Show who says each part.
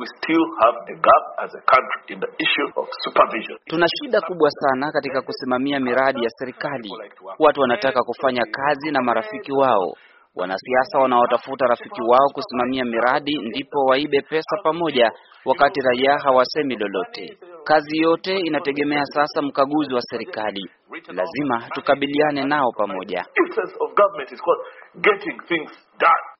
Speaker 1: we still have a gap as a country in the issue of supervision.
Speaker 2: Tuna shida kubwa sana katika kusimamia miradi ya serikali. Watu wanataka kufanya kazi na marafiki wao. Wanasiasa wanaotafuta rafiki wao kusimamia miradi ndipo waibe pesa pamoja, wakati raia hawasemi lolote. Kazi yote inategemea sasa mkaguzi wa serikali. Lazima tukabiliane nao pamoja.